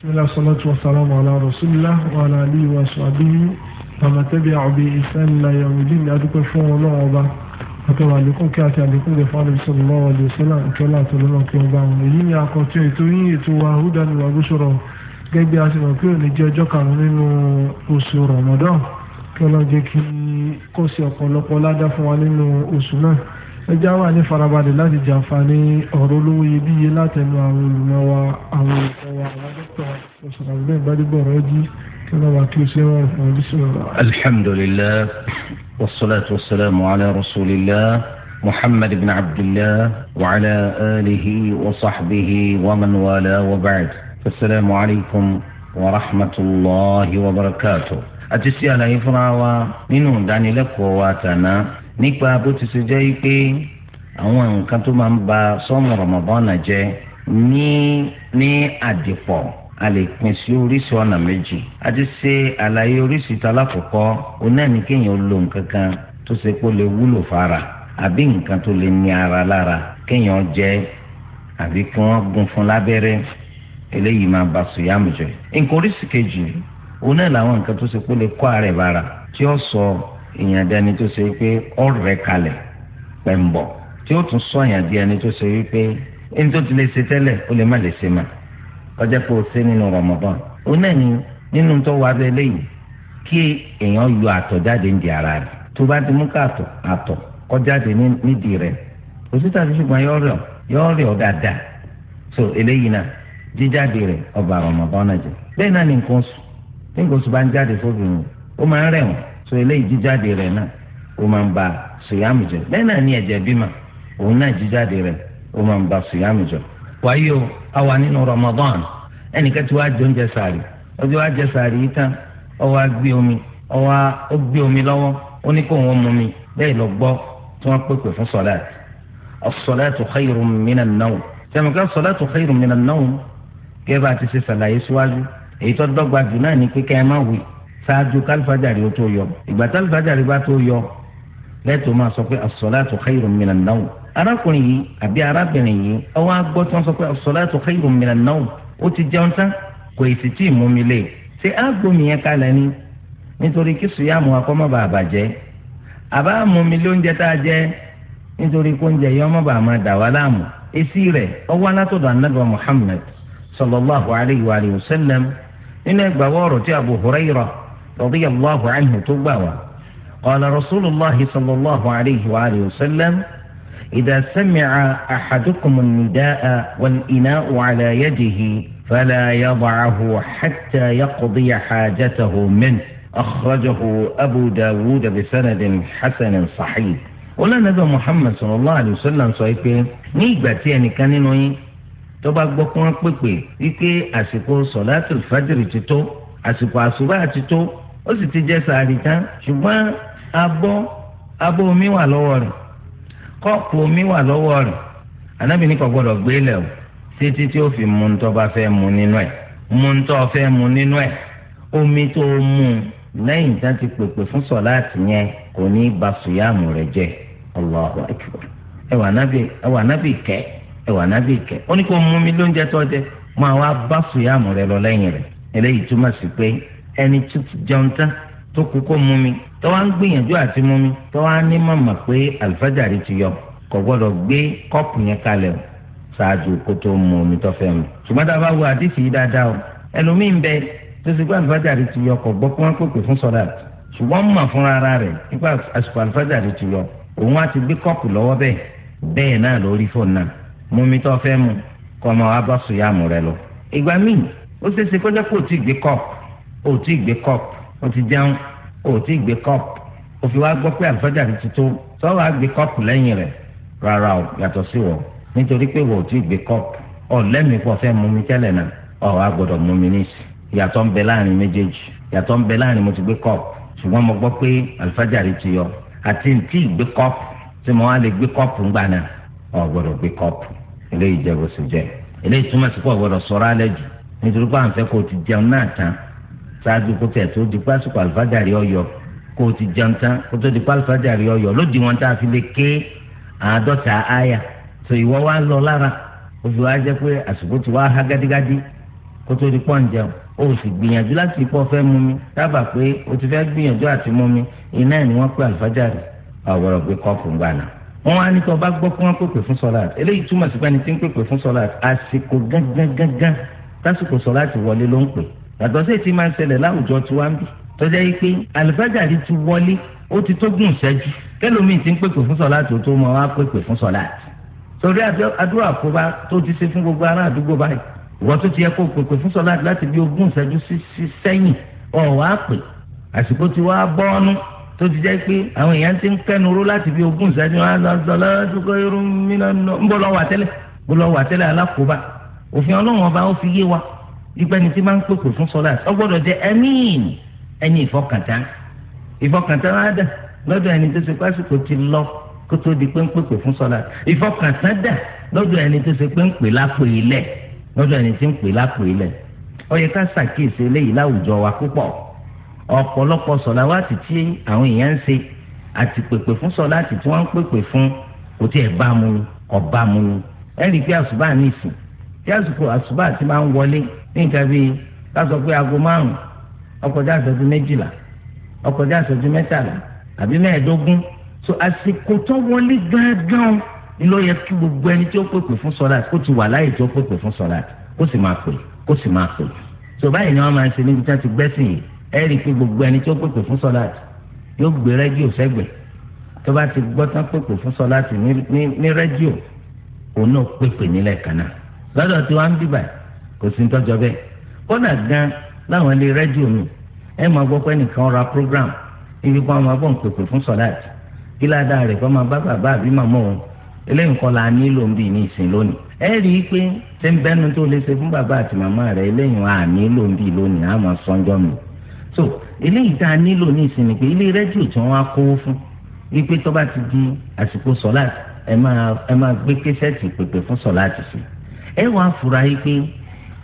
بسم الله والصلاة والسلام على رسول الله وعلى آله وصحبه ومن تبعه بإحسان إلى يوم الدين أدوكم فون الله أبا أتوا عليكم كاتي عليكم بفعل صلى الله عليه وسلم كلا تلونا كيوبا èyí ni àkọ́tún ètò yín ètò àhúdà ní wàgúsọ̀rọ̀ gẹ́gẹ́ bí a ti mọ̀ pé òní jẹ́ ọjọ́ karùn-ún nínú oṣù Ramadan ẹja wà ní farabalẹ̀ láti jàǹfààní ọ̀rọ̀ olówó iyebíye látẹnu àwọn olùmọ̀ wa àwọn olùkọ́ wa àwọn dókítà wa ọ̀sán àbúrò ìbádìgbọ̀ ọ̀rọ̀ jí kí wọ́n wá kí o ṣe wọ́n fún ọdún sọ̀rọ̀. alhamdulillah wasalaatu wasalaamu ala rasulillah muhammad ibn abdullah wa ala alihi wa sahbihi wa man wala wa ba'd asalaamu alaykum wa rahmatulahi wa barakatuh. àti sí àlàyé fúnra wa nínú ìdánilẹ́kọ̀ọ́ wa tàná nípa bó ti ṣe jẹ́ pé àwọn nǹkan tó máa ń ba sọ́mù rọ̀mọ̀bọ́nà jẹ́ ní ní àdìpọ̀ a lè pín sí oríṣi ọ̀nà méjì a ti ṣe àlàyé oríṣi talákọ̀ọ́kọ́ onáàní kéèyàn lo nǹkan kan tó ṣe kó lè wúlò fara àbí nǹkan tó lè ní ara lára kéèyàn jẹ àbí kí wọ́n gún fún lábẹ́rẹ́ eléyìí máa ba sùyàmù nǹkan oríṣi kejì onáà làwọn nǹkan tó ṣe kó lè kó ààrẹ bára tí ó sọ. èèyàn di ẹni tó ṣe wípé ọ̀rẹ́ kalẹ pẹ̀mbọ̀ tí ó tún sọ èèyàn di ẹni tó ṣe wípé ẹni tó ti lè ṣe tẹ́lẹ̀ ó lè má lè ṣe mà pé o ṣe nínú Ramadan ó náà ní nínú tó wà yọ jáde ara tó bá ti mú ká jáde nídìí so eléyìí náà jíjáde ọba náà jẹ náà ní nǹkan so eléyìí jíjáde rẹ̀ náà ó máa ń ba sùyàmù jẹ́ bẹ́ẹ̀ náà ní ẹ̀jẹ̀ bímọ òun náà jíjáde rẹ̀ ó máa ń ba sùyàmù jẹ́ wáyé o a wà nínú Ramadan ẹnìkan tí wàá jẹ oúnjẹ sààrì ọjọ́ wàá jẹ sààrì yìí tán ó wá omi ó ó gbé omi lọ́wọ́ ó ní kó wọn mú mi bẹ́ẹ̀ lọ gbọ́ tí wọ́n pèpè fún sọ̀láàtì as-salatu khayrun minan sẹ́mukẹ́ as-salatu khayrun minan kẹ́ẹ́ bá ti ṣe sàlàyé síwájú èyí tó dọ́gba jù náà ní pé kẹ́ ẹ má wí ṣáájú kálífàjàrí ó tó yọ ìgbà kálífàjàrí bá tó yọ lẹ́tọ̀ọ́ máa sọ pé as-salatu khayrun minan nawm arákùnrin yìí àbí arábìnrin yìí ọwọ́ agbọ́ tí wọ́n sọ pé as-salatu khayrun minan nawm ó ti jẹun tán kò sì tí ì mú mi lé ṣé ágbómi yẹn kalẹ̀ ni nítorí kí sùyàmù akọ́mọba àbàjẹ́ àbá mú mi lóúnjẹ tá a jẹ nítorí kó oúnjẹ yẹn ọmọba máa dà wá láàmú èsì rẹ̀ ọwọ́ alátọ̀dọ̀ anábà Muhammad sallallahu alayhi wa sallam nínú ẹgbàá wọ́ọ̀rọ̀ tí Abu Hurairah radiyallahu anhu tó gbà wá qala rasulullahi sallallahu alayhi wa alihi wa sallam idha sami'a ahadukum an-nidaa wal-inaa'u ala yadihi fala yada'ahu hatta yaqdi hajatahu minhu akhrajahu abu dawud bisanadin hasanin sahih olóńgbà muhammed sallallahu alayhi wa sallam sọ pé ní ìgbà tí ẹnìkan nínú yín tó bá gbọ́ kí wọ́n pèpè wípé àsìkò sọ̀láàtì fàjìrì ti tó àsìkò àsùbá ti tó ó sì ti jẹ sàárì tán ṣùgbọ́n abọ́ abọ́ omi wà lọ́wọ́ rẹ̀ omi wà lọ́wọ́ rẹ̀ Ànábì ní gbọ́dọ̀ gbé lẹ̀ o títí tí fi mu ń bá fẹ́ mu nínú ẹ̀ mu ń fẹ́ mu nínú ẹ̀ omi tó mu lẹ́yìn tí ti pèpè fún sọ̀láàtì yẹn kò ní ba sùyàmù rẹ̀ jẹ́ Allahu ẹwà Ànábì ẹwà Ànábì ní kó mu mi lóúnjẹ tó jẹ máa leyin sùyàmù lọ ẹni tó jẹun tán tó kú kó mú mi tọ́wá ń gbìyànjú àti mú mi tọ́wá ní màmá pé àlùfájàrí ti yọ kò gbọ́dọ̀ gbé kọ́ọ̀pù yẹn kalẹ̀ o ṣáájú kó tó mú omi tó fẹ́ mu. ṣùgbọ́n tá a bá wo àdìsí yìí dáadáa o ẹlòmíín bẹ tó ti gbọ́ àlùfájàrí ti yọ kò gbọ́ pé wọ́n pèpè fún sọ́dà ṣùgbọ́n mà fúnra ara rẹ̀ nípa àsìkò àlùfájàrí ti yọ òun á ti gbé kọ́ọ̀pù lọ́wọ́ bẹ́ẹ̀ bẹ́ẹ̀ náà lórí fóònù náà mú mi tó fẹ́ mu kọ́ ọmọ o ti gbé kọ́ọ̀pù o ti jẹun o ti gbé kọ́ọ̀pù o fi wá gbọ́ pé àlùfáàjà ti ti sọ wàá gbé kọ́ọ̀pù lẹ́yìn rẹ̀ rárá o yàtọ̀ sí wọ nítorí pé o ti gbé kọ́ọ̀pù ọ lẹ́mìí pọ̀ fẹ́ mú mi tẹ́lẹ̀ náà ọ wàá gbọ́dọ̀ mú mi níìsì yàtọ̀ ń bẹ láàrin méjèèjì yàtọ̀ ń bẹ láàrin mo ti gbé kọ́ọ̀pù ṣùgbọ́n mo gbọ́ pé ti ti yọ àti ntí gbé kọ́ọ̀pù tí mo wá lè gbé ńgbà ọ gbọ́dọ̀ gbé eléyìí jẹ́ bó ṣáájú kó tẹ̀ tó di pásítọ̀ àlùfáàdàrí ọ̀yọ́ kó o ti jẹun tán kó tó di pásítọ̀ àlùfáàdàrí ọ̀yọ́ lódì wọn tá a fi lè ké àádọ́ta àyà tó ìwọ wá lọ lára ó fi wá jẹ́ pé àsìkò ti wá há gádígádí kó tó di pọ́ǹjẹun o sì gbìyànjú láti pọ́ fẹ́ mú mi dábàá pé o ti fẹ́ gbìyànjú àti mú mi iná ẹ̀ ni wọ́n pé àlùfáàdàrí ọ̀wọ́rọ̀ gbé kọ́ọ̀pù ńgbà náà wọn á ní kí wọn bá gbọ́ kí wọn pèpè fún sọláàtì eléyìí túmọ̀ sí pé ẹni tí ń pèpè fún sọláàtì àsìkò gángan gángan tásìkò sọláàtì wọlé ló ń pè yàtọ̀ sí ètí máa ń ṣẹlẹ̀ láwùjọ tí wàá ń bì tọ́jà yìí pé àlùfáàgàrí ti wọlé ó ti tó gùn ìṣẹ́jú kẹlòmíì ti ń pèpè fún sọ̀lá tó tó máa wá pèpè fún sọ̀lá torí àdúrà àkóbá tó ti ṣe fún gbogbo ará àdúgbò báyìí wọ́n tó ti yẹ kó pèpè fún sọ̀lá láti bí ogún ìṣẹ́jú sẹ́yìn ọ̀ wá pè àsìkò tí wàá bọ́ọ́nú tó ti jẹ́ pé àwọn èèyàn ti ń kẹ́nu láti bí ogún ìṣẹ́jú sọ̀lá lọ́wọ́ àtẹ́lẹ̀ bọ́ wa ìgbẹ́ni tí máa ń pèpè fún sọ́lá ọ gbọ́dọ̀ jẹ́ ẹ̀mín ẹni ìfọkàntán ìfọkàntán á dà lọ́dọ̀ ẹni tó ṣe pásìkò ti lọ kó tó di pé ń pèpè fún sọ́lá ìfọkàntán dà lọ́dọ̀ ẹni tó ṣe pé ń pè lápò ilẹ̀ lọ́dọ̀ ẹni tí ń pè lápò ilẹ̀ ó yẹ ká ṣàkíyèsí eléyìí láwùjọ wa púpọ̀ ọ̀pọ̀lọpọ̀ sọ̀lá wá ti tí àwọn èèyàn ń ṣe àti pèpè fún sọ̀lá àti tí wọ́n ń pèpè fún kò tí ẹ̀ bá mu ni bá mu ẹ̀ rí i pé àṣùbà ní ìsìn tí àṣùbà ti máa ń wọlé ní nǹkan bíi ká sọ pé aago márùn ọkọjá ìṣẹ́jú méjìlá ọkọjá ìṣẹ́jú mẹ́tàlá àbí mẹ́ẹ̀ẹ́dógún so àsìkò tó wọlé gángan ni ló yẹ kí gbogbo ẹni tí ó pèpè fún sọlá kó ti wà láyè tí ó pèpè fún sọlá kó sì máa pè kó sì máa pè tó báyìí ni wọn máa ń ṣe níbi tí wọn ti gbẹ́sìn yìí ẹ rí i pé gbogbo ẹni tí ó pèpè fún sọlá yóò gbé rẹ́díò sẹ́gbẹ̀ tó bá ti gbọ́ tán pèpè fún sọlá ní rẹ́díò òun náà pèpè nílẹ̀ kan náà lọ́dọ̀ tí wọ́n ń bíbà kò sí tọ́jọ́ bẹ́ẹ̀ kọ́nà gan láwọn ilé rẹ́díò mi ẹ máa gbọ́ pé nìkan ra program ibi kan máa bọ̀ ń pèpè fún sọ̀dáàtì kí ládàá rẹ̀ kọ́ máa bá bàbá àbí màmá òun eléyìí kan la nílò ń bì ní ìsìn lónìí ẹ rí i pé ṣé ń bẹ́nu tó lè ṣe fún bàbá àti màmá rẹ̀ eléyìí wọn à nílò ń bì lónìí á máa sọ́njọ́ mi so eléyìí tá a nílò ní ìsìn ni pé ilé rẹ́díò tí wọ́n á kówó fún wípé tó bá ti di àsìkò sọ̀láàtì ẹ máa gbé késẹ́ẹ̀tì pèpè fún sọ̀láàtì sí ẹ wàá fura yìí pé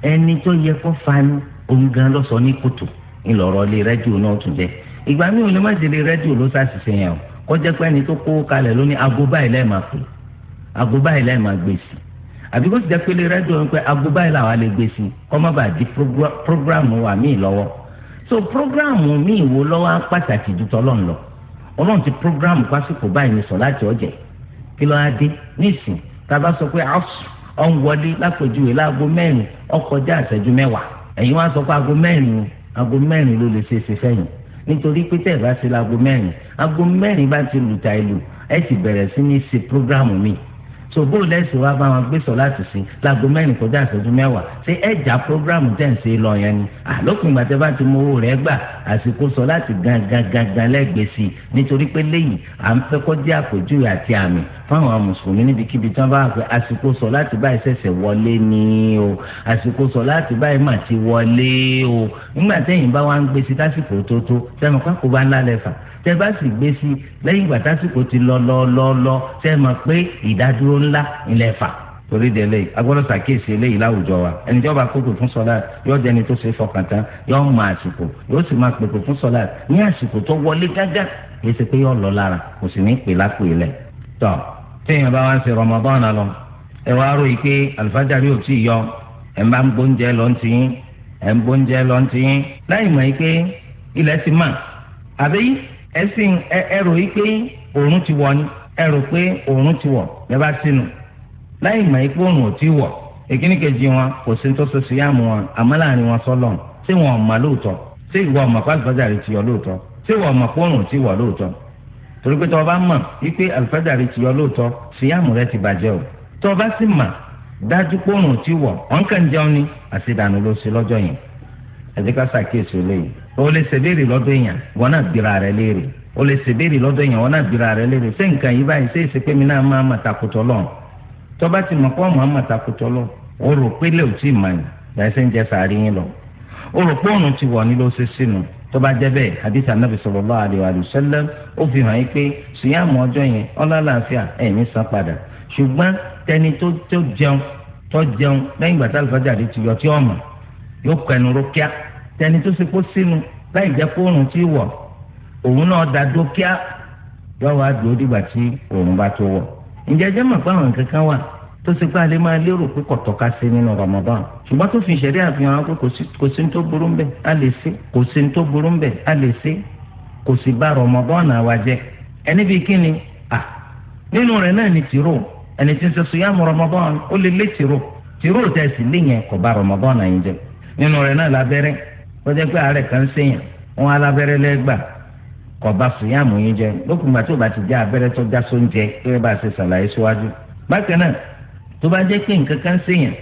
ẹni tó yẹ kó fanu òun gan ló sọ ní kòtò ńlọrọ lé rẹ́díò náà tún jẹ ìgbà mi ò lè má ṣe lé rẹ́díò ló ṣàṣìṣe yẹn o kọjá pé ẹni tó kó kalẹ̀ ló ní aago báyìí láì máa pè aago báyìí láì máa gbé sí àbí kó sì jẹ́ pé rẹ́díò ń pẹ́ aago báyìí làwa lè gbé sí kọ́ má bàa di prógráàmù wa míì lọ́wọ́ so prógráàmù míì wo lọ́wọ́ á pàtàkì ju tọ́lọ́n lọ ọlọ́run ti prógráàmù pásítọ̀ báyìí ní sọ láti ọ̀jẹ̀ kí lọ́ọ́ á dé nísìn tá a bá sọ pé àṣù ọ̀ ń wọlé lápèjúwe láago mẹ́rin ọkọjá ìṣẹ́jú mẹ́wàá ẹ̀yin wá sọ pé aago mẹ́rin aago mẹ́rin ló lè ṣe é ṣe fẹ́yìn nítorí pé tẹ̀ bá ṣe laago mẹ́rin aago mẹ́rin bá ti lùtà ìlú ẹ̀ sì bẹ̀rẹ̀ sí ní ṣe prógráàmù mi ṣògbó lẹ́sìn wa bá wọn gbé sọ láti sí laago mẹ́rin kọjá ìṣẹ́jú mẹ́wàá ṣé ẹ̀já prógráàmù tẹ̀ ń ṣe lọ yẹn ni àlòkùngbà tẹ bá ti mú owó rẹ̀ gbà àsìkò sọ láti gangan lẹ́gbẹ̀ẹ́ sí i nítorí pé lẹ́yìn à ń fẹ́ kọ́ jẹ́ àpèjúwe àti àmì fáwọn mùsùlùmí níbikíbi tí wọ́n bá fẹ́ àsìkò sọ láti báyìí ṣẹ̀ṣẹ̀ wọlé ni o àsìkò sọ láti báyìí mà ti wọlé o nígbà tẹ́yìn bá wá ń gbé sí tásìkò tó tó sẹ́mi pákó bá ńlá lẹ́fà tẹ́ bá sì gbé sí lẹ́yìn ìgbà tásìkò ti lọ lọ lọ lọ sẹ́mi pé ìdádúró ńlá torí de eléyìí agbọ́dọ̀ ṣàkíyèsí eléyìí láwùjọ wa ẹni tí wọ́n bá kókò fún sọ́lá yóò jẹ́ni tó ṣe fọkàn tán yóò mọ àsìkò yóò sì máa pèpè fún sọ́lá ní àsìkò tó wọlé gágá yìí ṣe pé yóò lọ lára kò sì ní pè lápò ilẹ̀. tọ́ téèyàn bá wá ń ṣe Ramadan lọ ẹ wá rò yìí pé àlùfájàrí ò tíì yọ ẹ ń bá ń gbóúnjẹ lọ ń tiyín ẹ ń gbóúnjẹ lọ ń tiyín láì mọ̀ yìí pé ilẹ̀ ti mà àbí ẹ rò ni ẹ rò pé òòrùn láì mọ̀ ẹ́ pé òun ò tí wọ̀ èkíní kejì wọn kò sí tó ṣe sí yàmù wọn àmọ́ láàrin wọn sọ́lọ̀ ṣé wọn ò mọ̀ lóòótọ́ ṣé ìwọ ọmọ pàlùfájà rẹ ti yọ lóòótọ́ ṣé ìwọ ọmọ pọ́ùn ò tí wọ̀ lóòótọ́ torí pé tọ́ba mọ̀ wípé àlùfájà rẹ ti yọ lóòótọ́ síyàmù rẹ ti bàjẹ́ o tọ́ba sì mà dájú pọ́ùn ò tí wọ̀ ọ̀nkà ń jẹun ní àṣedànù ló ṣe lọ́jọ́ yẹn ẹ̀dẹ́ká ṣàkíyèsí lẹ́yìn o lè ṣèbéèrè lọ́dọ̀ tọ́ba ti mọ̀ pọ́ muhammed takùtọ̀ lọ o rò pé lè o tí ì mọ̀ ní lẹ́sẹ̀ ń jẹ́ sàárì yín lọ o rò pé òun ti wọ̀ ní ló ṣe sínú tọ́ba jẹ́ bẹ́ẹ̀ hadith anabi sallallahu alaihi wa sallam ó fi hàn yín pé síyàmù ọjọ́ yẹn ọlọ́láàfíà ẹ̀mí san padà ṣùgbọ́n tẹni tó tó jẹun tó jẹun lẹ́yìn gbàtà àlùfáàjà rí ti yọ tí ọ̀mà yóò kẹnu rókíá tẹni tó ṣe kó sínú láì jẹ́ kó òun ti wọ̀ òun náà da dókíá yọ̀wá dúró dìgbà tí òun bá tó wọ̀ ǹjẹ́ ẹjẹ́ mọ̀ pé àwọn nǹkan kan wà tó ṣe pé alẹ́ máa lérò pé kọ̀tọ̀ ká ṣe nínú Ramadan ṣùgbọ́n tó fi ṣẹ̀rí àfihàn pé kò sí tó burú ń bẹ̀ a lè ṣe kò sí tó burú ń a lè ṣe kò sì bá Ramadan náà wá jẹ́ ẹni bíi kí ni à nínú rẹ̀ náà ni tìró ẹni tí ń ṣe sùyàmù Ramadan ó lè lé tìró tìró tẹ̀sí léyìn kò bá Ramadan náà yẹn jẹ́ nínú rẹ̀ náà lábẹ́rẹ́ wọ́n jẹ́ pé àárẹ̀ kan ń kò bá sùyàmù yín jẹ lókùn ìgbà tí ò bá ti jẹ abẹ́rẹ́ tó já sóúnjẹ kí bá a ṣe ṣàlàyé síwájú. bákan náà tó bá jẹ́ pé nǹkan kan ṣèyàn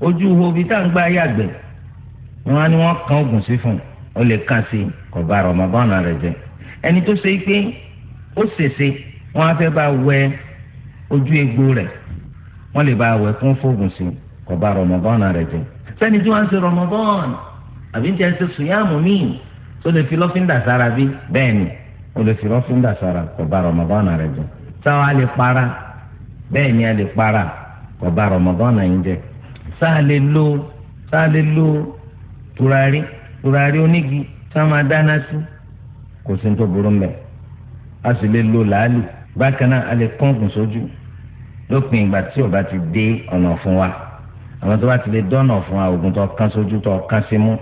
ojú ihò bíi tá à ń gbá yàgbẹ́ wọn á ní wọn kan oògùn sí fún ó lè kàn sí kò bá rọmọbọ́nà rẹ̀ jẹ. ẹni tó ṣe pé ó ṣèṣe wọn á fẹ́ bá wẹ ojú egbò rẹ̀ wọ́n lè bá wẹ kún fóògùn sí kò bá rọmọbọ́nà jẹ. sẹ́ni tí wọ́n ń ṣe rọmọbọ́nà àbí ń ṣe sùyàmù míì o lè fi lọ́fíńdà sára kò bá rọmọdọ́nà rẹ jẹ sáà lè para bẹ́ẹ̀ ni a lè para kò bá rọmọdọ́nà yín jẹ sáà lè lo sáà lè lo turari turari onígi sáà máa dáná sí kò sí tó burú mbẹ a sì lè lo làálù bákan náà a lè pọ́ǹpù sójú lópin ìgbà tí ó bá ti dé ọ̀nà fún wa àwọn tó bá ti lè dọ́nà fún wa oògùn tó kán sójú tó kán símú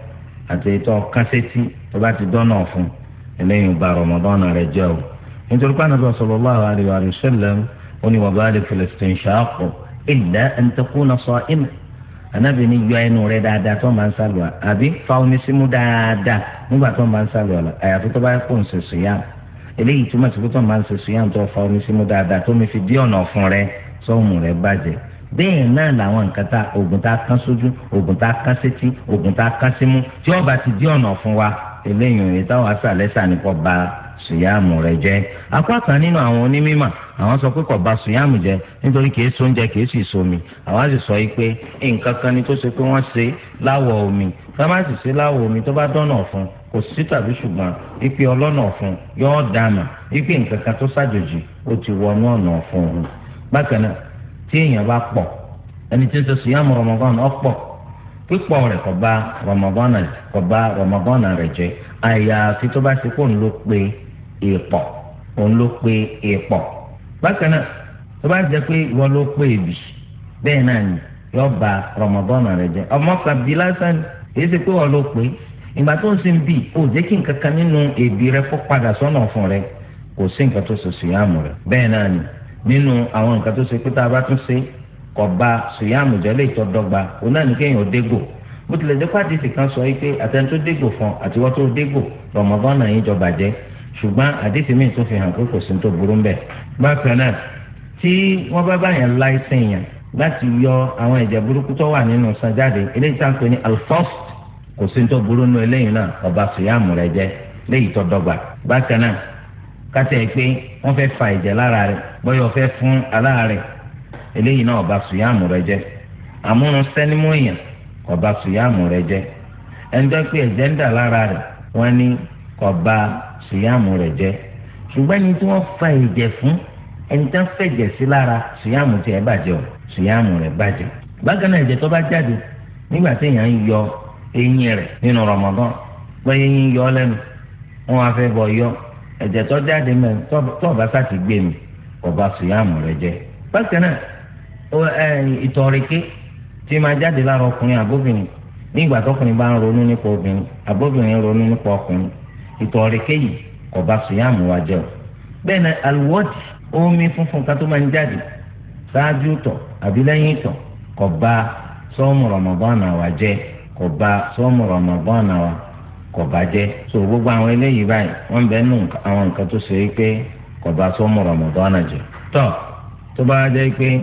àti tó kán sétí tó bá ti dọ́nà fún un eléyìí ba rọmọdọ́nà rẹ jẹ́ o nítorí pé anabi sallallahu alayhi wa sallam ó ní wa baligh fil istinshaq illa an takuna sa'iman anabi ní yọ ẹnu rẹ dáadáa tó máa ń sálùwà àbí fa omi símú dáadáa nígbà tó máa ń sálùwà lọ àyàfi tó bá kó ń ṣe sùyàm eléyìí túmọ̀ sí pé tó máa ń ṣe sùyàm tó fa omi símú dáadáa tó mi fi dí ọ̀nà ọ̀fun rẹ sọ́ọ̀mù rẹ bàjẹ́ bẹ́ẹ̀ náà làwọn nǹkan tá oògùn tá a kán sójú oògùn tá a kán sétí oògùn tá a kán símú tí ó ti dí ọ̀nà ọ̀fun wa eléyìí òye táwọn asàlẹ́sà ní kò ba sùyàmù rẹ̀ jẹ́ apá kan nínú àwọn onímọ̀ àwọn sọ pé kò ba sùyàmù jẹ́ nítorí kìí sóúnjẹ kìí sì somi àwa sì sọ yìí pé nǹkan kan ni tó ṣe pé wọ́n ṣe láwọ̀ omi tó bá sì ṣe láwọ̀ omi tó bá dọ́nà ọ̀fun kò sí tàbí ṣùgbọ́n ipe ọlọ́nà ọ̀fun yóò dànù ipe nǹkan kan tó ṣàjòjì ó ti wọnú ọ̀nà ọ̀fun òun bákan náà tí èèyàn bá pọ̀ ẹni tí ń ṣe sùyàmù Ramadan ọ̀pọ̀ pípọ̀ rẹ̀ kò bá rọmọgọ́nà kò bá rọmọgọ́nà rẹ̀ jẹ́ àyàfi tó bá ti kó ń ló pe èèpọ̀ òun ló pe èèpọ̀ bákan náà tó bá jẹ́ pé ìwọ ló pe èbì bẹ́ẹ̀ náà ni yóò ba rọmọgọ́nà rẹ̀ jẹ́ ọmọ kan bí lásán ni èyí ti pé ìwọ ló pe ìgbà tó ń sin bì ó jẹ́ kí nǹkan kan nínú èbì rẹ̀ kó padà sọ́nà fún rẹ̀ kò sí nǹkan tó sọ̀sọ̀ yàmù rẹ̀ bẹ́ẹ̀ náà ni nínú àwọn nǹkan tó ṣe pé tá a bá tún ṣe é kọba sùyàmù jẹ́lẹ̀ ìtọ́dọ́gba òun náà ní kéèyàn dégò bó tilẹ̀ jẹ́ pàdé sì kan sọ wípé àtẹnudó dégò fún àtiwọ́ tó dégò rọmọbọ́n náà yín jọba jẹ́ ṣùgbọ́n àdéhùn míì tó fi hàn pé kò sí tó burú ń bẹ̀. bákan náà tí wọ́n bá báyàn láìsìn yẹn láti yọ àwọn ẹ̀jẹ̀ burúkú tó wà nínú san jáde eléyìí tá à ń pè ní alfost kò sí tó burú nínú eléyìí náà ọba sùyàmù rẹ jẹ léyìí tó bákan náà kátẹ́ pé wọ́n fẹ́ fa ẹ̀jẹ̀ lára rẹ̀ bọ́yọ̀ fẹ́ fún aláàrẹ̀ eléyìí náà ọba sùyàmù rẹ jẹ àmúrun sẹnimu èèyàn ọba sùyàmù rẹ jẹ ẹnjọ pé ẹ̀jẹ̀ ń dà lára rẹ wọn ní ọba sùyàmù rẹ jẹ ṣùgbọ́n ẹni tí wọ́n fa ẹ̀jẹ̀ fún ẹni tí wọ́n fẹ̀jẹ̀ sí lára sùyàmù tí ẹ bàjẹ́ o sùyàmù rẹ bàjẹ́ bákan ẹ̀jẹ̀ tó bá jáde nígbà tí èèyàn ń yọ eyín rẹ nínú Ramadan pé eyín yọ lẹ́nu wọn wá fẹ́ bọ̀ yọ ẹ̀jẹ̀ tó jáde mẹ́rin tó ọba sá ti gbé mi ọba sùyàmù rẹ jẹ bákan ìtọ̀rìkì tí máa jáde lára ọkùnrin àbóbìnrin ní ìgbà tọkùnrin bá ń ronú nípa obìnrin àbóbìnrin ń ronú nípa ọkùnrin ìtọ̀rìkì yìí kò bá jẹ o. bẹ́ẹ̀ ni funfun kan tó máa ń jáde ṣáájú tọ̀ àbí lẹ́yìn tọ̀ kò bá sọ́ọ̀mù rọ̀mọ̀bọ́ọ̀nà wa jẹ́ kò bá sọ́ọ̀mù rọ̀mọ̀bọ́ọ̀nà wa kò bá jẹ́ so gbogbo àwọn eléyìí báyìí wọ́n nù àwọn nǹkan tó ṣe é pé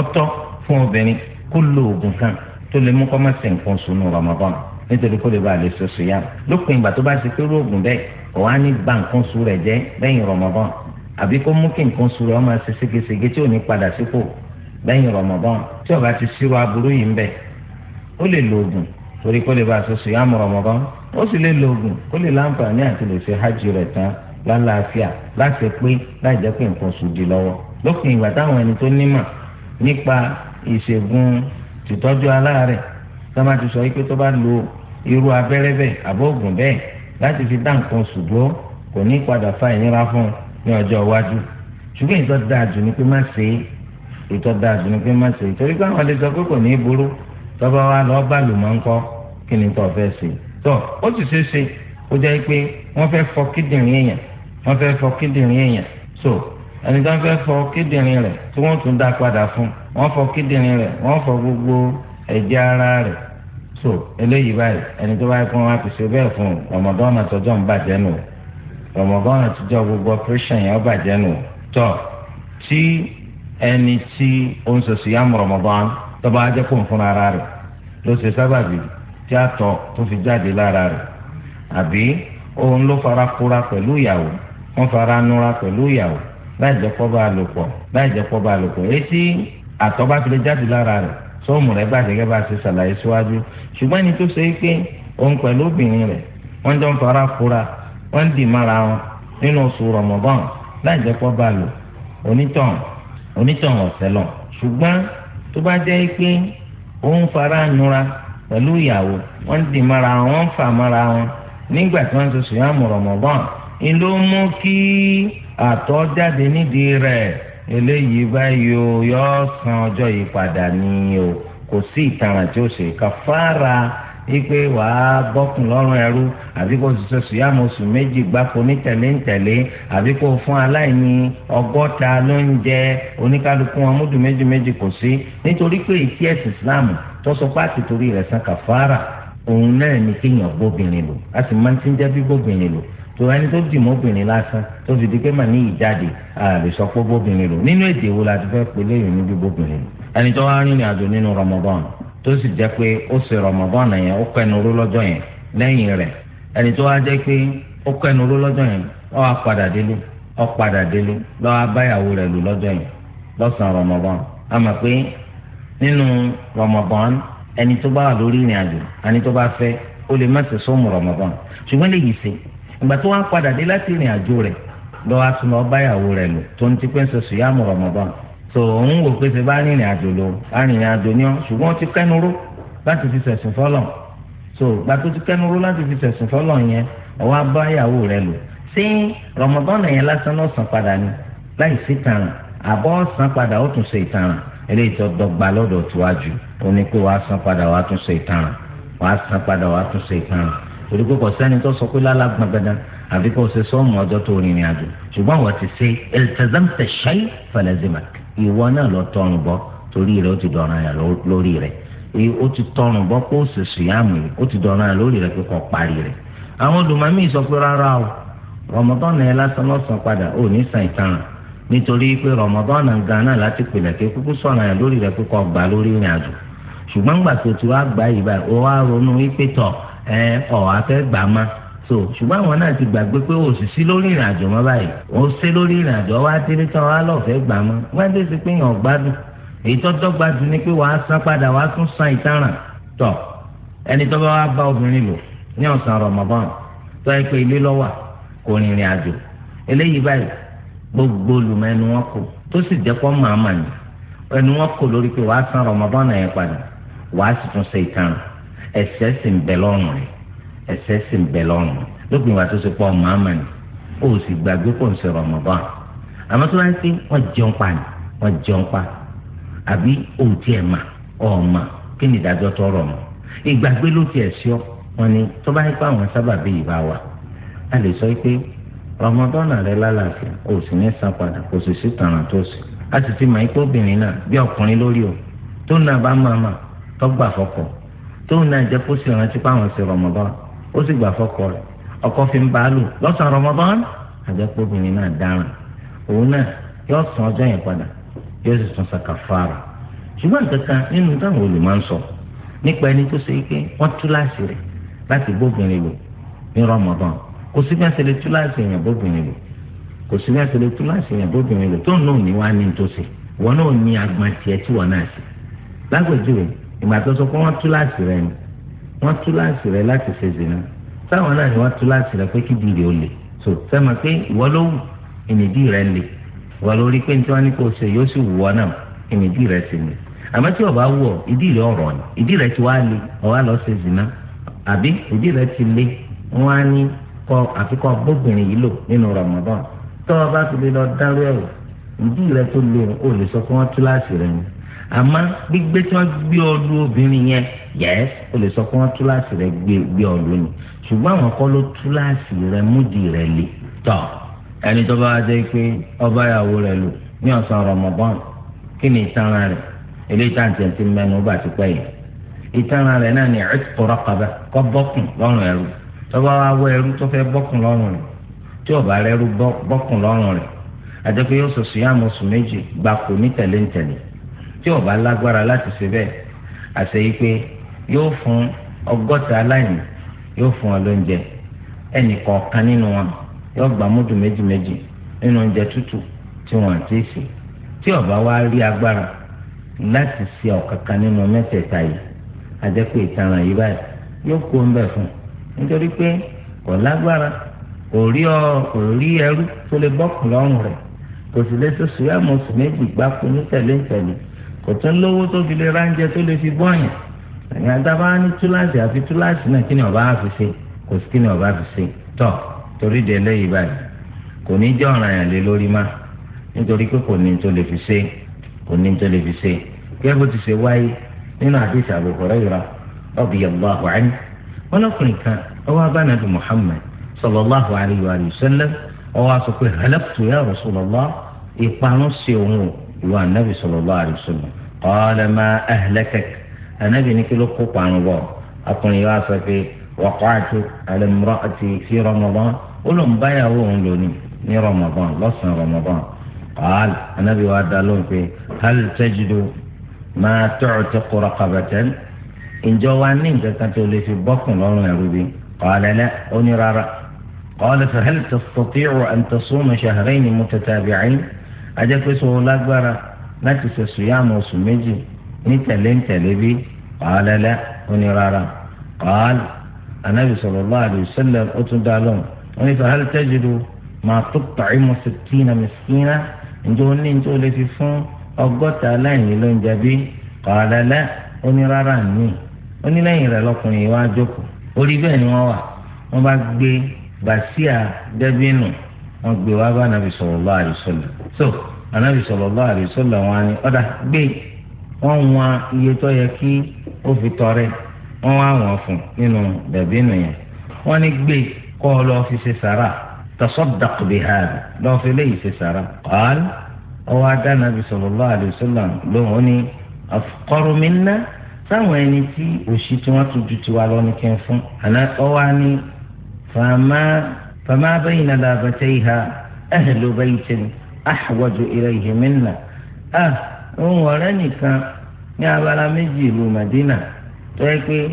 ọtọ́ fún obìnrin kó lo oògùn kan tó lè mú kó má ṣe nǹkan oṣù nù Ramadan nítorí kó lè bá a lè ṣe sùúyà lópin ìgbà tó bá ṣe pé oògùn bẹ́ẹ̀ ọ̀hún á ní ba nǹkan oṣù rẹ̀ jẹ́ lẹ́yìn Ramadan àbí kó mú kí nǹkan oṣù rẹ̀ ó máa ṣe ségesège tí ò ní padà sípò lẹ́yìn Ramadan tí ó bá ti ṣírò aburú yìí ń bẹ̀ ó lè lo oògùn torí kó lè bá a ṣe sùúyà mú lálàáfíà láti pé láì jẹ́ pé nǹkan oṣù di lọ́wọ́ lópin ìgbà táwọn ẹni tó nímọ̀ nípa ìṣègùn tìtọ́jú aláàárẹ̀ tó máa ti sọ wípé tó bá lo irú abẹ́rẹ́ bẹ́ẹ̀ àbóògùn bẹ́ẹ̀ láti fi dá nǹkan ṣùgbọ́n kò ní padà fa ìnira fún un ní ọjọ́ iwájú ṣùgbọ́n ìtọ́ dáa jù ni pé má ṣe é ìtọ́ dáa jù ni pé má ṣe é torí pé àwọn lè sọ pé kò ní í burú tọ́ba wa lọ́ọ́ bá lò mọ́ ńkọ́ kí ni tó fẹ́ ṣe tọ́ ó sì ṣeé ṣe ó jẹ́ pé wọ́n fẹ́ fọ́ kíndìnrín èèyàn wọ́n fẹ́ fọ́ kíndìnrín èèyàn so ẹni tó ń fẹ́ fọ kíndìnrín rẹ̀ tí wọ́n tún dá padà fún wọ́n fọ kíndìnrín rẹ̀ wọ́n fọ gbogbo ẹ̀jẹ̀ ara rẹ̀ so eléyìí báyìí ẹni tó báyìí fún wa fi ṣe bẹ́ẹ̀ fún rọmọdọ́nà tọjọ́ ń bàjẹ́ nù rọmọdọ́nà tọjọ́ gbogbo operation yẹn ó bàjẹ́ nù tọ́ tí ẹni tí ó ń sọ̀sì yá mú rọmọdọ́n tó bá jẹ́ kó ń fún ara rẹ̀ ló ṣe sábàbí tí àtọ̀ tó fi jáde lára rẹ̀ àbí òun ló fara kóra pẹ̀lú ìyàwó wọ́n fara núra pẹ̀lú ìyàwó láì jẹ́ kó bá a lò pọ̀ láì jẹ́ kó bá a lò pọ̀ etí àtọ̀ bá fi lè jáde lára rẹ̀ sọ́ọ̀mù rẹ̀ bàjẹ́ gẹ́gẹ́ bá a ṣe ṣàlàyé síwájú ṣùgbọ́n ẹni tó ṣe é pé òun pẹ̀lú obìnrin rẹ̀ wọ́n jọ ń fara fura wọ́n ń dì mára wọn nínú oṣù Ramadan láì jẹ́ kó bá a lò onítàn onítàn ọ̀sẹ̀ lọ ṣùgbọ́n tó bá jẹ́ pé òun fara nura pẹ̀lú ìyàwó wọ́n àtọ̀ jáde nídìí rẹ̀ eléyìí báyìí o yọ san ọjọ́ yìí padà ni o kò sí ìtaràn tí ó ṣe kàfàrà wípé wàá bọ́kùn lọ́rùn ẹrú àbí kò sì sọ̀sù yá mọ̀sù méjì gbáko ní tẹ̀léńtẹ̀lé àbí kò fún aláìní ọgọ́ta ló ń jẹ oníkálukú wọn múdù méjì méjì kò sí nítorí pé ìtí ẹ̀sìn Islam tó sọ pé àtìtorí rẹ̀ san kàfàrà òun náà ni kéèyàn bóbìnrin lò a máa ń ti ń jẹ́ bí bóbìnrin lò tó ẹni tó dì mọ́bìnrin lásán tó fi di pé màá ní ìjáde àlè sọ pé bóbìnrin lò nínú èdè wo la ti fẹ́ pé léyìn níbi bóbìnrin lò ẹni tó wá rìnrìn àjò nínú Ramadan tó sì jẹ́ pé ó ṣe Ramadan yẹn ó kẹnu ró lọ́jọ́ yẹn lẹ́yìn rẹ̀ ẹni tó wá jẹ́ pé ó kẹnu ró lọ́jọ́ yẹn ó wá padà délé ó padà délé lọ́wọ́ abáyàwó rẹ̀ lò lọ́jọ́ yẹn lọ́sàn-án a mọ̀ pé nínú Ramadan ẹni tó bá wà lórí ìgbà tó wá padà dé láti ìrìn àjò rẹ̀ lọ́wọ́ asúnmọ́ báyàwó rẹ̀ lò tó ń ti pé ń sọ sùyàmù Ramadan tó òun wò pé ṣe bá rìnrìn àjò lò arìnrìn àjò ni ọ́ ṣùgbọ́n ti kẹ́nuró láti fi sẹ̀sìn fọ́lọ̀ so ìgbà tó ti kẹ́nuró láti fi sẹ̀sìn fọ́lọ̀ yẹn ọwọ́ abáyàwó rẹ̀ lò ṣé Ramadan yẹn lásán náà san padà ni láì sí tààrà àbọ̀ san padà ó tún ṣe ìtàrà eléyìí tó dọ́gba lọ́dọ̀ tiwájú ó ní pé wàá san padà wàá tún ṣe ìtàrà wàá san padà wàá tún ṣe ìtàrà torí pé kò sẹ́ni tó sọ pé lálá gbàgbàdà àfi kò ṣe sọ́ọ̀mù ọjọ́ tó rìnrìn àjò ṣùgbọ́n wọ́n ti ṣe eltazamta ṣayí falazimak ìwọ náà lọ tọrùn bọ́ torí rẹ̀ ó ti dọ̀ràn yà lórí rẹ̀ ó ti tọrùn bọ́ kó o sì sùyàmù yìí ó ti dọ̀ràn yà lórí rẹ̀ pé kò parí rẹ̀ àwọn olùmọ̀mí sọ pé rárá o rọmọdọ́nà ẹ lásán lọ́sàn padà ò ní sàn ìtaràn nítorí pé rọmọdọ́nà ganan láti pèlè pé kúkú ẹ ọ afẹ gbà má so ṣùgbọ́n àwọn náà ti gbàgbé pé o sì sí lórí ìrìn àjò mọ́ báyìí o sí lórí ìrìn àjò wá délé tán wá lọ́ọ̀fẹ́ gbà mọ́ wá dé sí pé yàn gbádùn èyí tó dọ́gba dùn ni pé wàá san padà wàá tún san ìtaràn tọ̀ ẹni tó bá wá bá obìnrin lò ní ọ̀sán Ramadan tó yẹ pé ilé lọ́wà kò rìnrìn àjò eléyìí báyìí gbogbo olùmọ̀ ẹnu wọn kò tó sì jẹ́ pọ́ màmá ni ẹnu wọn kò lórí pé wàá san Ramadan náà yẹn padà wàá sì tún ṣe ìtaràn ẹ̀ṣẹ̀ sì ń bẹ lọ́rùn rẹ̀ ẹ̀ṣẹ̀ sì ń bẹ lọ́rùn rẹ̀ lópin ìwà tó ṣe pọ̀ màmá ni ó sì gbàgbé kò ń ṣe Ramadan àmọ́ tó bá ń ṣe wọ́n jẹun pa ni wọ́n jẹun pa àbí ó tiẹ̀ mà ọ̀ mà kí ni ìdájọ́ tọrọ mọ́ ìgbàgbé ló tiẹ̀ sí ọ wọ́n ní tó bá yípa àwọn sábàbí ìbá wa a lè sọ pé Ramadan rẹ lálàáfíà ó sì ní san padà kò sì sí tàrà tó sì a sì ti mọ̀ ipò obìnrin náà bí ọkùnrin lórí o tó nà bá máa mà tó gbà fọkọ̀ tóun náà jẹ́ kó sì rántí pé àwọn ṣe rọmọdán ó sì gbà fọkọ ọkọ fi ń bàálù lọ́sàn-án rọmọdán àjẹpọ̀bìnrin náà dáràn òun náà yóò ọjọ́ yẹn padà yóò sì sàkàfàrà ṣùgbọ́n nǹkan nínú táwọn olùmọ̀ ń sọ nípa ẹni tó ṣe é pé tú láti bóbìnrin lò ní kò sí bí ṣe lè tú yẹn bóbìnrin lò kò sí bí ṣe lè tú yẹn bóbìnrin lò náà ní ní ní ìgbà tó sọ pé wọ́n tú láti rẹ̀ ni wọ́n tú láti rẹ̀ láti ṣe zina táwọn náà ni wọ́n tú láti rẹ̀ pé kí di rẹ̀ ó le so sẹ́mi pé ìwọ ló wù ìnìdí rẹ̀ le ìwọ ló rí pé ní tí wọ́n ní kó ṣe yóò sì wù ọ náà ìnìdí rẹ̀ sì le àmọ́ tí ọba wù ọ ìdí rẹ̀ ọ̀rọ̀ ni ìdí rẹ̀ ti wá le ọ̀wá lọ ṣe zina àbí ìdí rẹ̀ ti le wọ́n á ní kọ àfikọ́ gbóbìnrin yìí lò nínú Ramadan tọ́ ọba ti lè lọ dárú ẹ̀wò ìdí rẹ̀ tó le àmọ́ gbígbé tí wọ́n gbé ọdún obìnrin yẹn yẹ́s o lè sọ pé wọ́n túláàsì rẹ̀ gbé ọdún ni ṣùgbọ́n àwọn kọ́ ló túláàsì rẹ̀ múdi rẹ̀ lè tọ̀ ẹni tó bá jẹ́ pé ọba ìyàwó rẹ̀ lò ní ọ̀sán rọmọbọ́n kí ni ìtara rẹ̀ eléyìí tàǹtẹ̀ ti mẹ́nu bá ti pẹ́ yẹn ìtara rẹ̀ náà ni ẹ̀ẹ́dẹ́kọ̀rọ̀kọ̀bẹ kọ́ bọ́kùn lọ́rùn ẹrú tó bá wá wọ ẹrú tó fẹ́ bọ́kùn lọ́rùn rẹ̀ tí ọba rẹ̀ rú bọ́kùn lọ́rùn rẹ̀ àjẹpẹ́ yóò sọ síyàmù oṣù méjì gbàkú ní tẹ̀léńtẹ̀lé tí ò bá lágbára láti ṣe bẹ́ẹ̀ àṣẹ yìí pé yóò fún ọgọ́ta aláìní yóò fún ọ lóúnjẹ ẹnì kọ̀ọ̀kan nínú wọn yóò gbà múdù méjì méjì nínú oúnjẹ tútù tí wọ́n ti ṣe tí ò bá wá rí agbára láti ṣe ọ̀kankan nínú mẹ́tẹ̀ẹ̀ta yìí àjẹpẹ́ ìtaràn yìí báyìí yóò kó ń bẹ̀ fún nítorí pé kò lágbára kò rí ọ kò rí ẹrú tó lè bọ́kùn lọ́rùn rẹ̀ kò sì lè tó sùúrù àmọ́ oṣù méjì gbáko ní tẹ̀lé kò tún lówó tó fi lè ránjẹ tó lè fi bọ́yìn ẹ̀yìn àtàbá ní túláàsì àfi túláàsì náà kí ni ọba àfi ṣe kò sí kí ni ọba àfi ṣe tọ̀ torí de lẹ́yìn báyìí kò ní jẹ́ ọ̀ràn yàn lé lórí má nítorí pé kò ní tó lè fi ṣe kò ní tó lè fi ṣe gẹ́gẹ́ ti ṣe wáyé nínú àdìsí Abu Hurairah radiyallahu anhu wọn lọkùnrin kan ọwọ́ abánadu Muhammad sallallahu alayhi wa sallam ọwọ́ aṣọ pé halaktu ya Rasulullah ìparun ṣe òun o ìwà anabi sallallahu alaihi wasallam qala ma ahlakak anabi ní kí ló kó parun bọ ọkùnrin yóò sọ pé waqa'tu ala imra'ati fi Ramadan ó ló ń báyàwó òun lónìí ní Ramadan lọ́sàn Ramadan qala anabi wa dá lóhùn pé hal tajidu ma tu'tiqu raqabatan ìjọ wa ní nǹkan kan tó lè fi bọ́kùn lọ́rùn ẹ̀rú bí qala la ó ní rárá qala fa hal tastati'u an tasuma shahrayni mutatabi'ayn ajẹ́ pé sọ lágbára láti ṣe sùyàmù oṣù méjì ní tẹ̀lé ń tẹ̀lé bí ọ̀hálẹ́lẹ́ onírara ọ̀hál anabi sallallahu alaihi wasallam ó tún dá lóhùn wọn ní sahal tajidu máa tó tàí mu miskina ǹjẹ́ ó ní ǹjẹ́ lè fi fún ọgọ́ta aláìní ló ń jẹ bí ọ̀hálẹ́lẹ́ onírara ní onílẹ̀yìn rẹ̀ lọkùnrin yìí wá jókòó orí bẹ́ẹ̀ ni wọ́n wà wọ́n bá gbé bàṣíà dẹ́bínú wọ́n gbé wá bá anabi sallallahu alaihi wasallam so anabi sallallahu alaihi wasallam wọ́n á ní ọ̀dà gbé wọ́n wọn iye tó yẹ kí ó fi tọrẹ wọ́n wá wọn fún nínú bẹ̀bí nìyẹn wọ́n ní gbé kọ́ ọ lọ́ọ́ fi ṣe sàrà tasaddaq bihada lọ́ọ́ fi léyìí ṣe sàrà qal ọwọ́ adá anabi sallallahu alaihi wasallam lóhùn ó ní afqaru minna sáwọn ẹni tí òṣì tí wọ́n tún ju tiwa lọ ní kí àná ọwọ́ á ní fàmà. فما بين لابتيها أهل بيت أحوج إليه منا أه ورنك يا بلا مجي مدينة تقول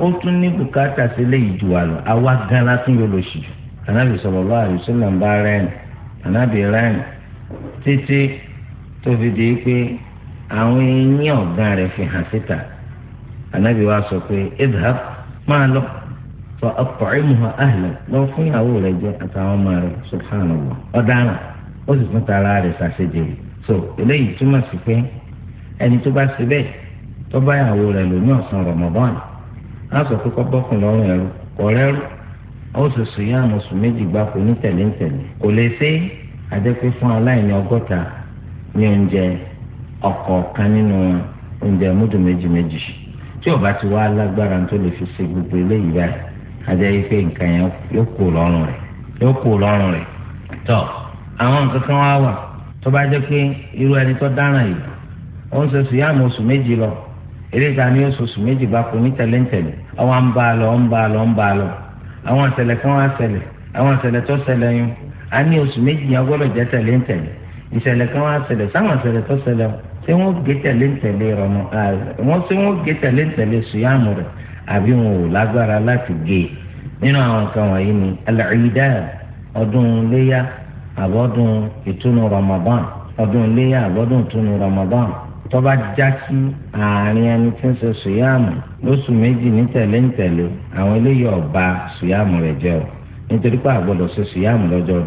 ó tún ní bùkátà sí léyìí ju wa lọ àwa gan la tún yóò lọ sí jù ànábì sallallahu alaihi wasallam bá rẹ́ẹ̀nì ànábì rẹ́ẹ̀nì títí tó fi di pé àwọn eyín ọ̀gá rẹ̀ fi hàn síta ànábì wa sọ pé idhab máa lọ fa at'imha ahla lọ fún ìyàwó rẹ̀ jẹ àtàwọn ọmọ rẹ̀ subhanallah ọ̀daràn ó sì tún tara rẹ̀ ṣàṣejèrè so eléyìí túmọ̀ sí pé ẹni tó bá ṣe bẹ́ẹ̀ tó bá ìyàwó rẹ̀ lò ní ọ̀sán Ramadan á sọ pé kọ́ bọ́kùn lọ́rùn ẹ̀rú kọ̀rẹ́rù ó sì sùn yá àwọn oṣù méjì gbáko ní kò lè ṣe fún aláìní ọgọ́ta ní oúnjẹ ọ̀kọ̀ọ̀kan nínú oúnjẹ múdù méjì méjì ajá yìí pé nǹkan yẹn yóò kú lọ́rùn rẹ̀ yóò kú lọ́rùn rẹ̀ tọ́ àwọn nǹkan kan wá wà tó bá jẹ́ pé irú ẹni tó dáràn yìí ó ń sọ̀sọ̀ yá àmọ́ oṣù méjì lọ eré ìta ni oṣù oṣù méjì bá kú ní tẹ̀léńtẹ̀lé àwọn ń bá a lọ ń bá a lọ ń bá a lọ àwọn ìṣẹ̀lẹ̀ kan wá ṣẹlẹ̀ àwọn ìṣẹ̀lẹ̀ tó ṣẹlẹ̀ yun a ní oṣù méjì yẹn gbọ́dọ̀ jẹ́ tẹ̀léńtẹ̀lé ìṣẹ̀lẹ̀ kan wá ṣẹlẹ̀ sáwọn ìṣẹ̀lẹ̀ tó ṣẹlẹ̀ ṣé wọ́n gé tẹ̀léńtẹ̀lé rọmọ ṣé wọ́n gé tẹ̀léńtẹ̀lé sùyàmù rẹ̀ àbí wọn ò lágbára láti gé e nínú àwọn nǹkan wọ̀nyí ni alẹ́ẹ̀dá ọdún léyà àbọ̀dún ìtúnu ramadan ọdún léyà àbọ̀dún ìtúnu ramadan tọ́ba já sí àárín ẹni tí ń ṣe sùyàmù lóṣù méjì ní tẹ̀lé ń tẹ̀lé àwọn eléyìí ọba sùyàmù rẹ̀ jẹ́ o nítorí pé àgbọ̀dọ̀ ṣe sùyàmù lọ́jọ́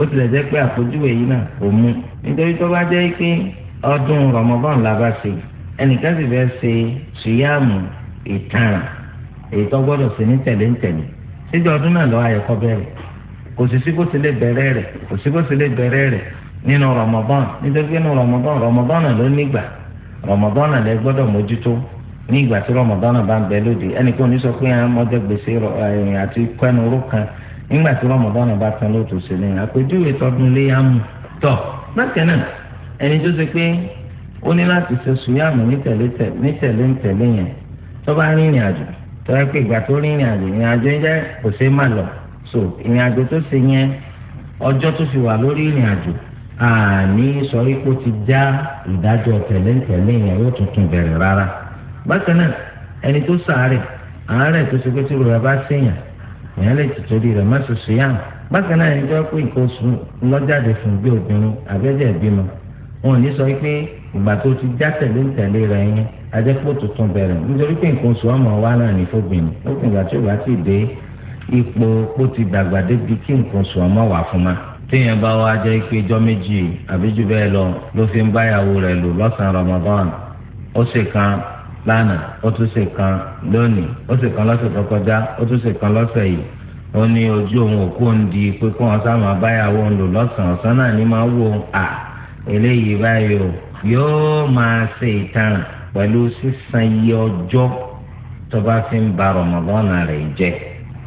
ó tilẹ̀ jẹ́ pé àpèjúwe yìí náà kò mú nítorí tó jẹ́ pé ọdún ramadan la bá ẹnìkan sì fẹ́ ṣe sùyàmù ìtara èyí tó gbọ́dọ̀ sí ní tẹ̀lé ń tẹ̀lé síjọ ọdún náà lọ́wọ́ ayẹkọ bẹrẹ kò sí sí kó sì lè bẹ̀rẹ̀ rẹ̀ kò sí kó sì lè nínú Ramadan nítorí pé nínú Ramadan Ramadan ló nígbà Ramadan lẹ kan ní sọ pé ọmọdé gbèsè àti kan nígbà tí bá tán sí àpèjúwe tọdún lé yàmù tó bá rìnrìn àjò tó pé ìgbà tó rìnrìn àjò ìrìn àjò jẹ́ kò ṣe má lọ so ìrìn àjò tó ṣe yẹn ọjọ́ tó fi wà lórí ìrìn àjò àní ti já ìdájọ́ yẹn yóò tuntun bẹ̀rẹ̀ rárá bákan ẹni tó sàárẹ̀ àárẹ̀ tó ṣe pé tí bá ṣèyàn lè ti torí rẹ̀ má bákan ẹni tó pé nǹkan oṣù lọ́jáde fún Gbé obìnrin ní sọ pé ti já rẹ̀ yẹn ajẹ́pọ̀ tuntun bẹ̀rẹ̀ nítorí pé nǹkan oṣù ọmọ wa náà ní fóbìnrin ó kùn ìgbà tí ó bá ti dé ipò ó ti dàgbà débi kí nǹkan oṣù ọmọ wà fún ma. téèyàn bá wá jẹ́ pé ijọ́ méjì àbí jù bẹ́ẹ̀ lọ ló fi ń báyàwó rẹ̀ lò lọ́sàn-án Ramadan ó sì kan lánàá ó tún sì kan lónìí ó sì kan lọ́sẹ̀ tó kọjá ó tún sì kan lọ́sẹ̀ yìí ó ní ojú òun òkú òun di pé kó wọn sáà máa báyàwó òun lò lọ́sàn-án ọ̀sán náà ní máa wò ó à eléyìí báyìí o yóò máa ṣe ìtaràn pẹ̀lú sísan iye ọjọ́ tó bá fi ń ba rọmọdọ́nà rẹ̀ jẹ́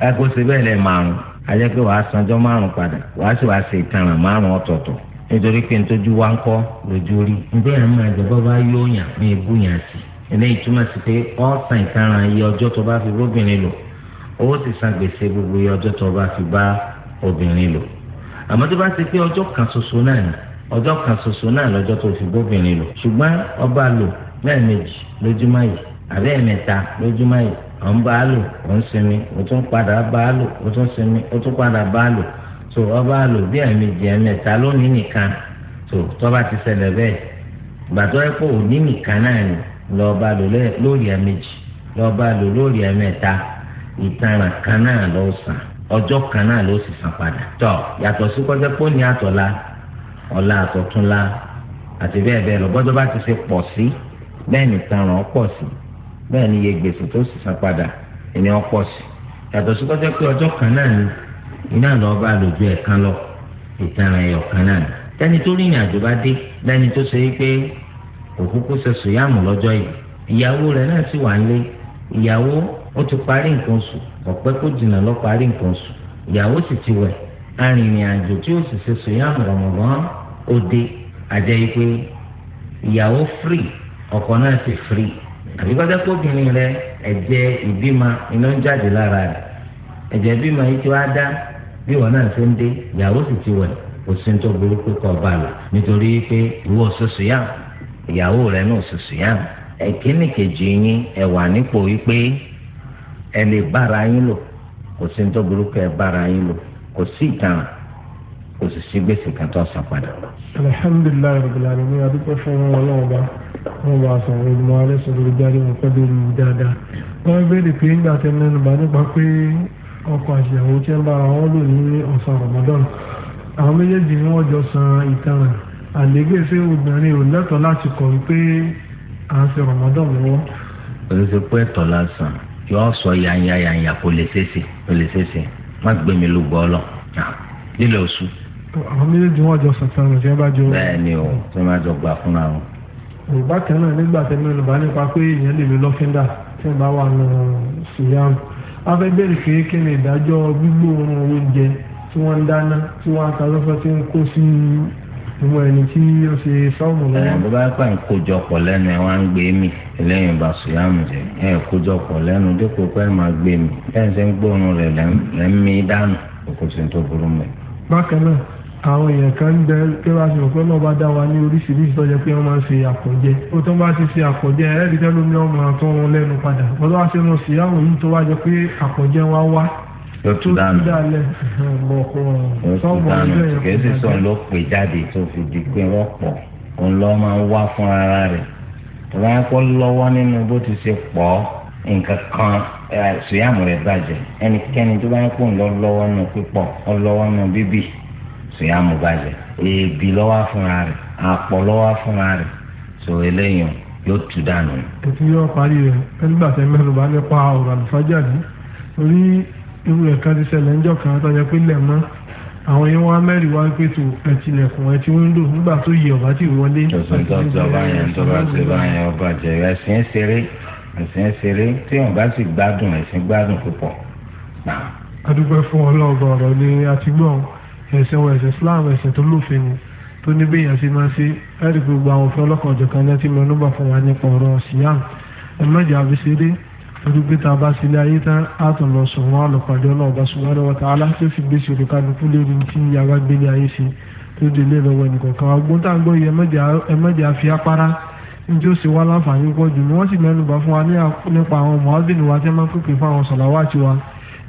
ẹ̀kọ́ sí bẹ́ẹ̀ lẹ́ márùn ajẹ́ pé wàá sanjọ́ márùn padà wàá sì wàá ṣe ìtanràn márùn ọ̀tọ̀ọ̀tọ̀ nítorí pé nítorí wá ń kọ́ lójú rí ǹjẹ́ àwọn bá yóò yàn ní ebú yàn sí sí pé iye ọjọ́ tó bá fi lò sì san gbèsè gbogbo iye ọjọ́ tó bá fi bá obìnrin lò àmọ́ tó bá ti pé ọjọ́ kan ṣoṣo náà lẹ́ẹ̀mejì lójúmọ́ yìí àbẹ́ ẹ̀mẹ́ta lójúmọ́ yìí ò ń bá a lò ò ń sinmi ó tún padà bá a lò ó tún sinmi ó tún padà bá a lò tó o bá a lò bí ẹ̀mejì ẹ̀mẹ́ta lónìí nìkan tó tọ́ba ti ṣẹlẹ̀ bẹ́ẹ̀ gbàtọ́ ẹ pé òní nìkan náà ni lọ́ọ́ bá a lò lórí lọ́ọ́ bá a lò lórí kan náà ló sàn ọjọ́ kan náà ló sì sàn padà tọ́ yàtọ̀ sí pé ó ní ọ̀la àti bẹ́ẹ̀ bẹ́ẹ̀ lọ gbọ́dọ̀ bá ti ṣe bẹ́ẹ̀ ni tanràn ọ pọ̀ sí bẹ́ẹ̀ ni iye gbèsè tó sì san padà ẹni ọ pọ̀ sí yàtọ̀ sí kọjá pé ọjọ́ kan náà ni iná lọ bá lójú ẹ̀ kan lọ ìtanràn ẹ̀yọ̀ kan náà ni tẹni tó rìnrìn àjò bá dé bẹ́ẹ̀ni tó ṣe pé òkúkú ṣe sòyàmù lọ́jọ́ yìí ìyàwó rẹ̀ náà sì wà nílé ìyàwó ó ti parí nǹkan ọ̀pẹ́ lọ parí nǹkan ọkọ náà sì firi àbí kọjá kóbìnrin rẹ ẹ̀jẹ̀ ìbímọ iná ń jáde lára rẹ ẹ̀jẹ̀ ìbímọ yìí ti wá dá bí wọn náà ṣe ń dé ìyàwó sì ti wẹ̀ kò tó burúkú kọ ọba lọ nítorí pé ìwọ ìyàwó rẹ náà ṣoṣo ẹ̀kíní kejì yín ẹ wà nípò yìí pé ẹ lè bára yín lò tó burúkú ẹ bára yín lò kò alhamdulilayi alamin fún wọn lọ́wọ́ wọn bá sọ̀rọ̀ ìmọ̀ alẹ́ sọ̀rọ̀ ìjáde wọn pẹ́ lórí dáadáa wọn béèrè pé nígbà tẹ́ mẹ́nu bá nípa pé ọkọ àti ìyàwó tí ń bára wọn lò ní ọ̀sán Ramadan àwọn méjèèjì ni wọ́n jọ san ìtanràn àlégbèsè obìnrin ò lẹ́tọ̀ọ́ láti kọ̀ wípé à ń ṣe Ramadan lọ́wọ́. òṣìṣẹ́ pé ẹ̀tọ́ lásán yóò sọ yanya yanya kò lè ṣèṣe kò lè ṣèṣe má gbé mi ló gbọ́ lọ lílẹ̀ oṣù. àwọn méjèèjì wọn jọ sàn tán lọ sí ẹ bá jọ. bẹ́ẹ̀ni o tí wọn jọ gbà fúnra wọn bákan náà nígbà tẹ́ mẹ́rin bá nípa pé èèyàn lè lo lọ́fíńdà tí wọ́n bá wà nù síyáàmù a fẹ́ bẹ̀rẹ̀ pé kí ni ìdájọ́ gbígbóòórùn oúnjẹ tí wọ́n ń dáná tí wọ́n ń ta lọ́fọ́ tí ń kó sí gbogbo ẹni tí ó ṣe sọ́ọ̀mù lọ́wọ́. bó bá pa ìkójọpọ̀ lẹ́nu ẹ wá ń gbé mi lẹ́yìn bá sùlámù jẹ ẹ kójọpọ̀ lẹ́nu dípò àwọn èèyàn kan bẹ pé wá sí òpé náà bá dá wa ní oríṣiríṣi tó jẹ pé wọn máa ń ṣe àpọ̀jẹ ó tó bá ti ṣe àpọ̀jẹ ẹ̀rí tẹ́lú mi ọmọ tó wọn lẹ́nu padà wọ́n tó wá ṣe wọn sí àwọn yìí tó wá jẹ pé àpọ̀jẹ wa wá tó tún dànù sọ́ọ̀mù kẹ́sì sọ̀n ló pè jáde tó fi di pé wọ́n pọ̀ òun lọ́ máa ń wá fún ara rẹ̀ wọ́n á kọ́ lọ́wọ́ nínú bó ti sùnyàmù bàjẹ́ èébì lọ́wọ́ fúnra rẹ̀ àpọ̀ lọ́wọ́ fúnra rẹ̀ so eléyìí yóò tu dànù. ètò yóò parí rẹ nígbà tẹ mẹ́rin bá nípa ọ̀rọ̀ àlùfájà ní orí irú ẹ̀ka ti ṣẹlẹ̀ ńjọ́ kan tó yẹ pé lẹ̀ mọ́ àwọn yẹn wọn mẹ́rin wá pé tó ẹtìlẹ̀kùn ẹtì wíńdò nígbà tó yẹ ọ̀bá ti wọlé. tòṣùn tó tó bá yẹn tó bá ṣe bá yẹn ọba jẹ ẹsìn ṣeré ẹsìn ṣeré tí wọn bá sì gbádùn ẹsìn gbádùn púpọ̀. adúpẹ́ fún ọlọ́ọ̀bà ọ̀rọ̀ ni a ti ẹ̀sìn wọn ẹ̀sìn Islam ẹ̀sìn tó lófin ni tó ní bẹ́yà sí máa ṣe ẹ̀rí gbogbo àwọn òfin ọlọ́kan ọ̀jọ̀kan náà ti lọ nígbà fún wa nípa ọ̀rọ̀ siam ẹ mẹ́jọ àbíṣeré torí pé tá a bá sílé ayé tán á tún lọ sùn wọn àlùpàdé ọlọ́ọ̀bá subhanahu wa ta'ala tó fi gbèsè olùkàlùkù lórí ti yàrá gbélé ayé ṣe tó délé lọ́wọ́ ẹnìkan kan ọgbọ́n tá à gbọ́ yìí ẹ mẹ́jọ àfi apára njẹ o ṣe wá láǹfààní pọ̀ jù ni wọ́n sì mẹ́nu bá fún wa nípa àwọn mọ̀ọ́bìnrin wa tí máa ń pèpè fún àwọn sọ̀làwá àti wa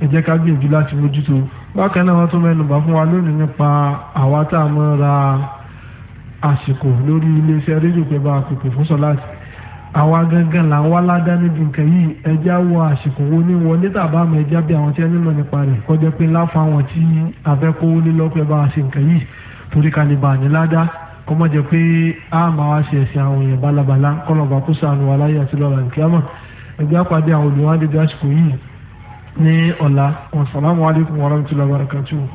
ẹ jẹ́ ká gbìyànjú láti mójútó bákan náà wọ́n tún mẹ́nubà fún wa lónìí nípa àwa tá a mọ́ ra àsìkò lórí iléeṣẹ́ rédíò pé bá a pèpè fún sọ́láàtì àwa gangan là ń wá ládá níbi nǹkan yìí ẹja wọ àsìkò wo ní wọlé tàbá àmọ́ ẹja bí àwọn tí ẹni mọ̀ nípa rẹ̀ kọjá pé ńlá fún àwọn tí afẹ́kọ́wó lé lọ́pẹ́ bá a ṣe nǹkan yìí torí ká ní ládá kọ́ mọ́ jẹ́ pé a máa wá ṣe ẹ̀sìn àwọn èèyàn balabala kọ́lọ̀ bá kó sànù wà láyé ẹgbẹ́ àpàdé àwọn olùwádìí ní ọ̀la. Assalamu alaikum warahmatullahi wabarakatuh.